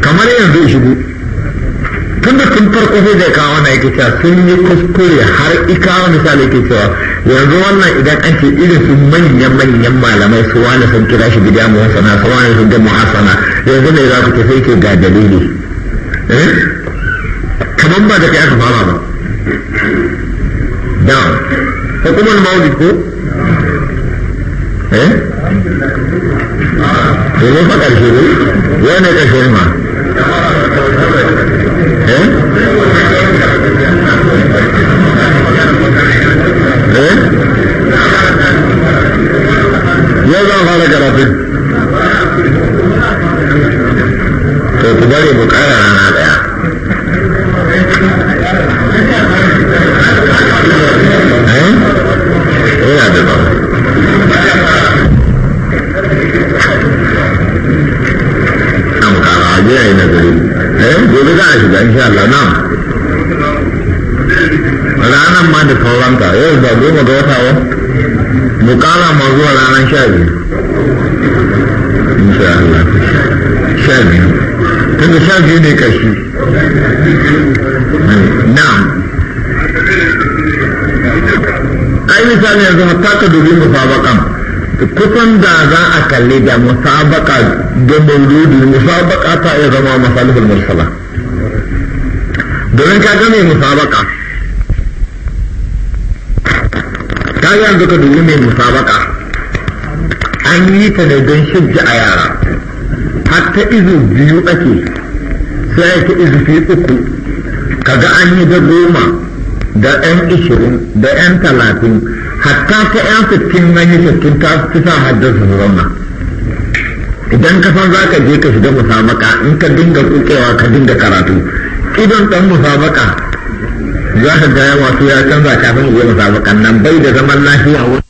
kamar yanzu shigo tun da tun farko sai da kawo na yake cewa sun yi kuskure har ikawa misali yake cewa yanzu wannan idan an ce irin su manyan manyan malamai su wani sun kira shi gida mu hasana su wani sun mu hasana yanzu ne za ku ce sai ke ga dalili eh? kamar ba da kai aka fara ba da hukumar maulid ko eh domin fa ƙarshe ne ƙarshe ma eh eh zan fara karatu to ku bari rana ɗaya ya yi nazari eh gobe za a shiga insha Allah na ranar ma da sauranka yau ba goma ga wata wa mukala ma zuwa ranar sha biyu insha Allah sha biyu tunda sha biyu ne kashi na'am ai misali yanzu hatta ka dubi musabakan kusan da za a kalli da musabaka da mauludi musabaka ta iya zama masalihul mursala domin ka gane musabaka ta yanzu ka dubi mai musabaka an yi ta ne don shirji a yara har ta izu biyu ake sai ta izu fi uku kaga an yi da goma da yan ishirin da yan talatin hatta ta yan sittin na yi sittin ta fi sa haddasa su zauna idan ka san za ka je ka shiga musabaka in ka dinga kukewa ka dinga karatu idan dan musabaka za ka gaya wasu ya canza kafin zuwa musabakan nan bai da zaman lafiya